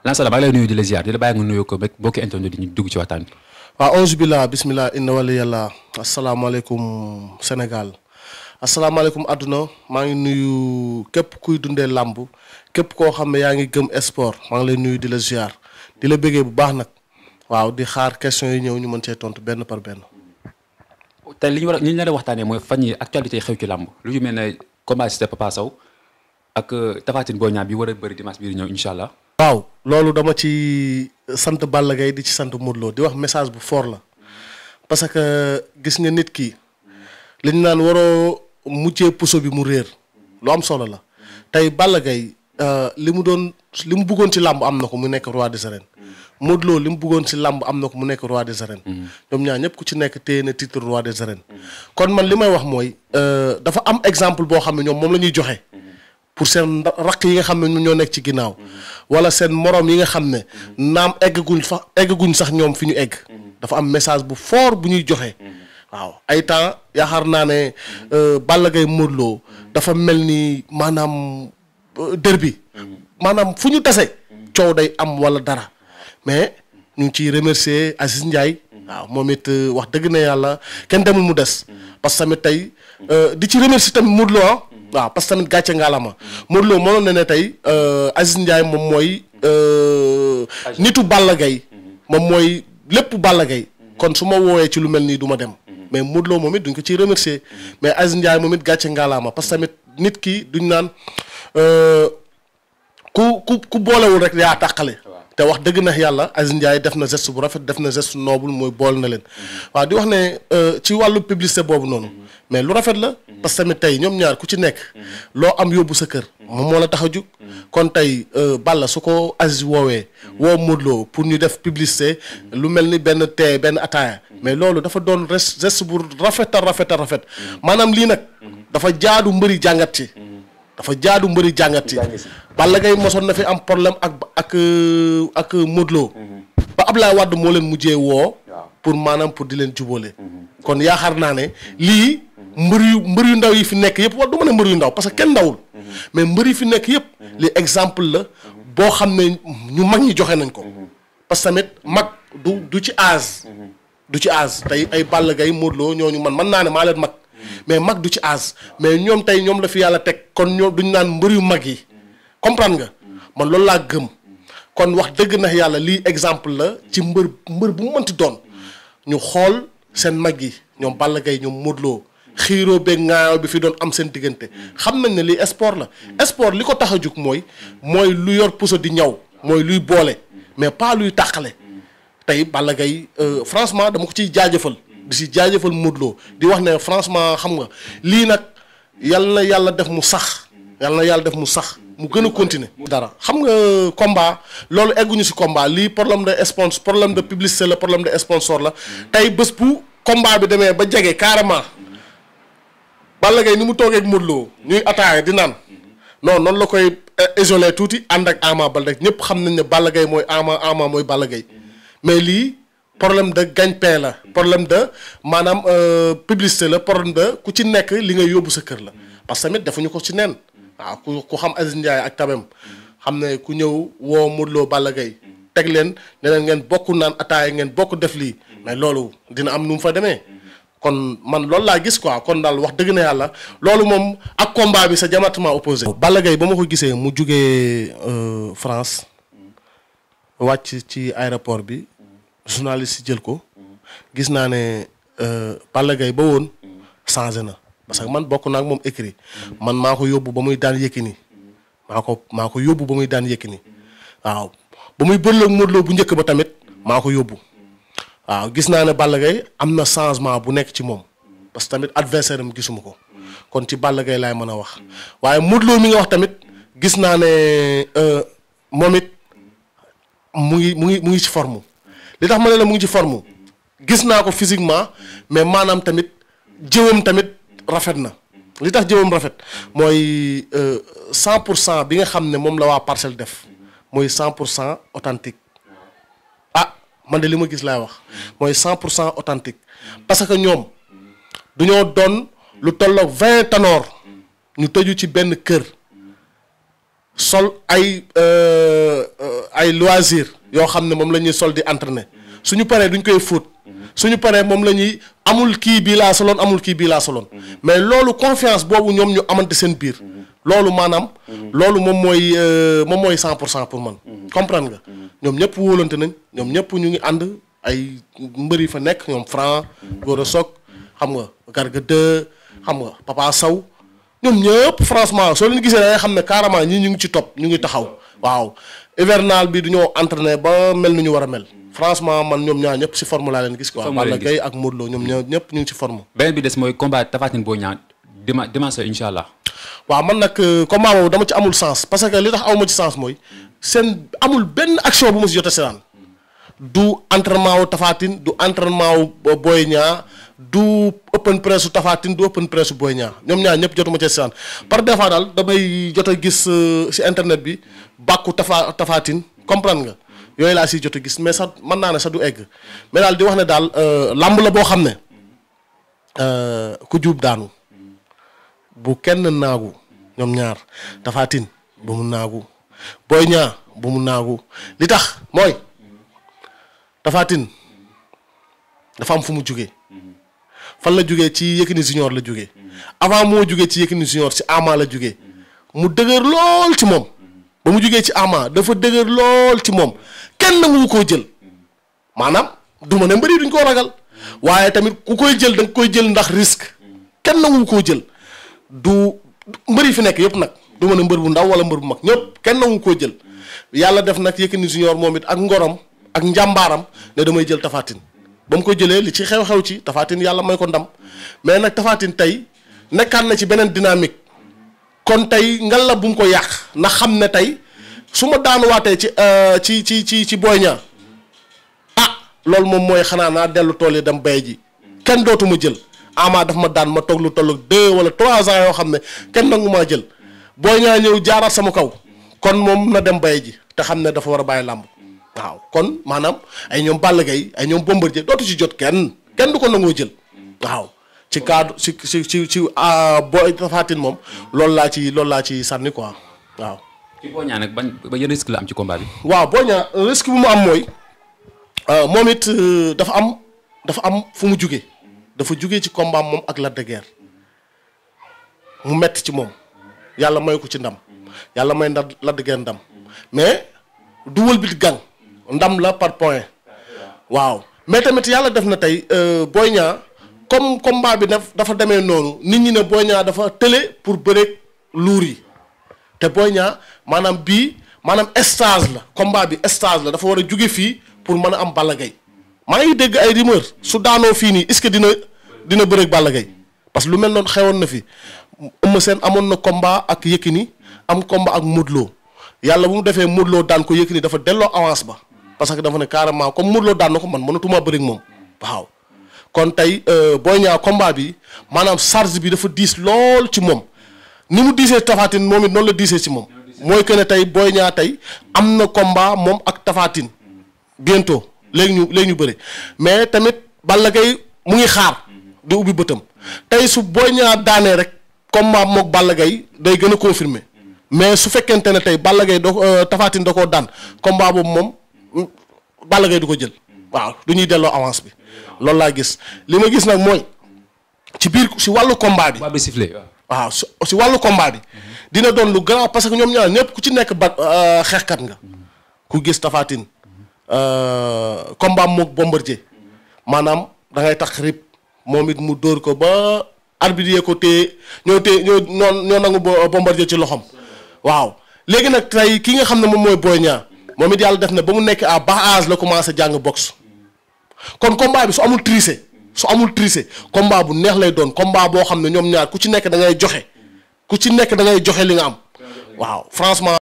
Lansana ba lay nuyu di la ziar di la bàyyi nga nuyoo ko rek bokki internet di ñu dugg ci waxtaan bi. waaw auzu billah bismillah inna wali yàlla asalaamaaleykum Sénégal asalaamaaleykum àdduna maa ngi nuyu képp kuy dundee làmb képp koo xam ne yaa ngi gëm sport maa ngi lay nuyu di la ziar di la bëggee bu baax nag waaw di xaar question yi ñëw ñu mën cee tontu benn par benn. tey li ñu war ñu a waxtaanee mooy fan yi actualité yi xew ci làmb lu ñu mel ne combat Siteu ak Tapha Tine Boy bi war a bëri bii di ñëw incha waaw loolu dama ci euh, sant Balla Gaye di ci sant Modou di wax message bu foor la parce que gis nga nit ki li ñu naan waroo mujjee puso bi mu réer lu am solo la tey Balla Gaye euh, li mu doon li mu buggoon ci làmb am na ko mu nekk roi des arènes Modou li mu buggoon ci làmb am na ko mu nekk roi de arènes ñoom ñaar ñëpp ku ci nekk téye na titre roi des arènes kon man li may wax mooy euh, dafa am exemple boo xam ne ñoom moom la ñuy joxe pour seen rakk yi nga xam ne ñoo nekk ci ginnaaw wala seen morom yi nga xam ne naam eggaguñ fa eggaguñ sax ñoom fi ñu egg mm-hmm. dafa am message bu foor bu ñuy joxe mm-hmm. waaw ay temps yaakaar naa ne mm-hmm. euh, Balla Gaye Modou dafa mel ni maanaam euh, derby maanaam fu ñu tase coow day am wala dara mais ñu ngi ciy remercier Aziz Ndiaye waaw moom it euh, wax dëgg na yàlla kenn demul mu des parce que tamit tey di ci remercier tamit Modou Lo ah. waaw parce que gàcce ngaalama Modou Lo mënoon ne tey euh, Aziz Ndiaye moom mooy euh, nitu Balla Gaye mhm. moom mooy lépp Balla Gaye mhm. kon su ma woowee ci lu mel nii duma dem mhm. mais Modou moom it duñ ko ciy remercier mais Aziz Ndiaye moom it gàcce ngaalama parce que nit ki duñ naan euh, ku ku ku boolewul rek yaa tàqale te wax dëgg na yàlla Aziz Ndiaye def na geste bu rafet def na geste noble mooy bool na leen mhm. waaw di wax ne euh, ci wàllu publicité boobu noonu mhm. mais lu rafet la mhm. parce que tamit tey ñoom ñaar ku ci nekk loo am yóbbu sa kër moom moo la tax a jug kon tey euh, Balla su ko Aziz woowee woo Modou pour ñu def publicité lu mel ni benn tee benn ataaya mais loolu dafa doon geste bu rafet a rafet maanaam lii nag dafa jaadu mbëri jàngat ci dafa jaadu mbëri jàngat ci Balla Gaye mosoon na fi am problème ak ak euh, ak euh, Modou Lo mhm. ba Abdoulaye Wade moo leen mujjee woo pour maanaam pour di leen jubóole mhm. kon yaaxaar naa ne lii mhm. mbër yu mbër yu ndaw yi fi nekk yëpp war du ma mbër yu ndaw parce que kenn ndawul mais mbër yi fi nekk yëpp li exemple la boo xam ne ñu mag ñi joxe nañ ko parce que tamit mag du du ci âge du ci âge tey ay Balla Gaye Modou Lo ñooñu man mën naa ne maa leen mag mais mag du ci aas mais ñoom tey ñoom la fi yàlla teg kon ñoom duñu naan mbër yu mag yi comprendre nga man loolu laa gëm kon wax dëgg na yàlla lii exemple la ci mbër mbër bu mu mënti doon ñu xool seen mag yi ñoom Balla Gaye ñoom Modou xiiro xiiroo beeg ngaayoo bi fi doon am seen diggante xam nañ ne lii sport la sport li ko tax a jug mooy mooy lu yor puso di ñaw mooy luy boole mais pas luy tàqale tey Balla Gaye euh, franchement dama ko ciy jaajëfal di si jaajëfal Modou Lo di wax ne franchement xam nga lii nag yal na yàlla def mu sax yal na yàlla def mu sax mu gën a continuer dara xam nga combat loolu egguñu si combat lii problème de sponsor problème de publicité la problème de sponsor la tey bés bu combat bi demee ba jege carrément Balla Gaye ni mu toogee ak Modou Lo ñuy attaqué di naan non noonu la koy eh, isolé tuuti ànd ak Ama rek ñëpp xam nañ ne Balla Gaye mooy Ama Ama mooy Balla Gaye mais lii problème de gagne-pain la problème de maanaam euh, publicité la problème de ku ci nekk li nga yóbbu sa kër la parce que tamit defuñu ko ci nen waaw ku ku xam Aziz Ndiaye ak tabem xam ne ku ñëw woo Modou Lo Balla Gaye teg leen ne leen ngeen bokku naan ataaya ngeen bokk def lii mais loolu dina am nu mu fa demee kon man loolu laa gis quoi kon daal wax dëgg na yàlla loolu moom ak combat bi sa diamétralement opposé Balla Gaye ba ma ko gisee mu jugee euh, France wàcc ci aéroport bi journaliste si jël ko. gis naa ne euh, Balla Gaye ba woon. changé na parce que man bokk naa ak moom écrit man maa ko yóbbu ba muy daan Yékini maa ko maa ko yóbbu ba muy daan Yékini waaw ba muy bëri ak bu njëkk ba tamit maa ko yóbbu waaw gis naa ne Balla Gaye am na changement bu nekk ci moom parce que tamit adversaire am gisuma ko kon ci Balla Gaye laay mën a wax waaye Modou Lo mi nga wax tamit gis naa ne euh, moom it mu ngi mu ngi mu ngi ci forme li tax ma ne la mu ngi ci forme gis naa ko physiquement mais maanaam tamit jëwam tamit rafet na li tax jëwam rafet mooy euh, cent pour cent bi nga xam ne moom la waa parcelle def mooy cent pour cent authentique ah man de li ma gis laay wax mooy cent pour cent authentique parce que ñoom du ñoo doon lu tolloog 20 tanoor ñu tëju ci benn kër. sol ay euh, euh, ay loisir yoo xam ne moom la ñuy sol di entraîner suñu paree duñ koy fóot suñu paree moom la ñuy amul kii bii laa soloon amul kii bii laa soloon mais loolu confiance boobu ñoom ñu amante seen biir loolu maanaam loolu moom mooy euh, moom mooy cent pour cent pour man comprendre nga ñoom ñëpp wóolante nañ ñoom ñëpp ñu ngi ànd ay mbëri fa nekk ñoom franc góor a soog xam nga garga de xam nga papa saw ñoom ñëpp franchement soo leen gisee da xam ne carrément ñii ñu ngi ci topp ñu ngi taxaw waaw hivernal bi du ñoo entraîné ba mel ni ñu war a mel. franchement man ñoom ñaar ñëpp si forme laa leen gis. quoi Balla Gaye ak Modou ñëpp ñu ngi si forme. beneen bi des mooy combat Tapha Tine Boy Niang dima man nag euh, combat boobu dama ci amul sens parce que li tax awma ci sens mooy seen amul benn action bu ma si jot a seetaan du entraînement wu Tapha du entraînement wu Boy Niang du open pressu tafaatin Tapha Tine du open press su ñoom ñaar ñëpp jotuma ci saan par des fois daal damay jot a gis si euh, internet bi bàkku Tapha Tapha Tine comprendre nga yooyu laa si jot a gis mais sax mën naa ne sax du egg mais daal di wax ne daal euh, làmb la boo xam ne euh, ku juub daanu bu kenn naagu ñoom ñaar Tapha bu mu naagu Boy Niang bu mu naagu li tax mooy Tapha dafa am fu mu jugee. fan la jugee ci Yékini Junior la jóge mm-hmm. avant moo jugee ci Yékini Junior ci Ama la jugee mm-hmm. mu dëgër lool ci moom mm-hmm. ba mu jógee ci Ama dafa dëgër lool ci moom kenn nangu koo jël maanaam du ma mbëri duñ koo ragal waaye tamit ku koy jël da nga koy jël ndax risque kenn nangu koo jël du mbëri fi nekk yëpp nag du ma ne mbër bu ndaw wala mbër bu mag ñëpp kenn nangu koo jël yàlla def nag Yékini Junior moom it ak ngorom ak njàmbaaram ne damay jël Tapha ba mu ko jëlee li ci xew-xew ci tafaatin yàlla may ko ndam mais nag tafaatin tey nekkaat na ci beneen dynamique kon tey ngal la bu mu ko yàq na xam ne tey su ma daanuwaatee ci euh, ci ci ci ci Boy Niang ah loolu moom mooy xanaa naa dellu tool yi dem bay ji kenn dootuma jël ama daf ma daan ma toog lu toll deux wala trois ans yoo xam ne kenn nangu maa jël Boy ñaa ñëw jaaraat sama kaw kon moom na dem bay ji te xam ne dafa war a bàyyi làmb waaw kon maanaam ay ñoom Balla Gaye ay ñoom Bombardier dootu ci jot kenn kenn du ko nangoo jël waaw ci cadre ci ci ci ci ah, booy Tapha Tine moom loolu laa ci loolu laa ci sànni quoi waaw. ci ba yan risque la am ci combat bi. waaw Boy Niang risque bu mu am mooy euh, moom it euh, dafa am dafa am fu mu jugee dafa jugee ci combat moom ak Lac de Guiers mu metti ci moom yàlla may ko ci ndam yàlla may ndam Lac ndam mais du wëlbit gang ndam la par point waaw mais tamit yàlla def na tey euh, Boy Niang comme combat bi daf dafa demee noonu nit ñi ne Boy Niang dafa tële pour bëreeg luur yi te Boy Niang maanaam bii maanaam stage la combat bi estage la dafa war a jóge fii pour mën a am Balla maa ngi dégg ay rumeur su daanoo fii nii est-ce que dina dina bëreeg Balla Gaye parce que lu mel noonu xewoon na fi Eumeu Sène amoon na combat ak Yékini am combat ak Modou yàlla bu mu defee Modou Lo daan ko Yékini dafa delloo avance parce que dafa ne carrément comme Modou Lo daan na ko man mënatuma bëri ak moom waaw. kon tey euh, Boy Niang combat bi maanaam charge bi dafa diis lool ci moom mu diisee Tapha Tine moom it la diisee ci moom mooy que ne tey Boy Niang tey am na combat moom ak Tapha Tine bientôt léegi ñu léegi ñu bëri mais tamit Balla Gaye mu ngi xaar di ubbi bëtam tey su booy Niang daanee rek combat mook Balla Gaye day gën a confirmer mais su fekkente ne tey Balla Gaye doo euh, Tapha Tine da koo daan combat boobu moom. Balla Gaye du ko jël waaw du ñuy delloo avance bi loolu laa gis li ma gis nag mooy ci biir si wàllu combat bi. waaw si si wàllu combat dina doon lu grand parce que ñoom ñaar ñëpp ku ci nekk ba euh, xeexkat nga ku gis tafaatin euh, combat mook Bombardier maanaam dangay tax rib moom it mu dóor ko ba arbitre ko téye ñoo téye ñoo ñoo nangu Bombardier ci loxom waaw léegi nag tey ki nga xam ne moom mooy Boy Niang moom it yàlla def na ba mu nekk à bas âge la commencé jàng boxe kon combat bi su amul triché su amul triché combat bu neex lay doon combat boo xam ne ñoom ñaar ku ci nekk da ngay joxe ku ci nekk da ngay joxe li nga am waaw franchement.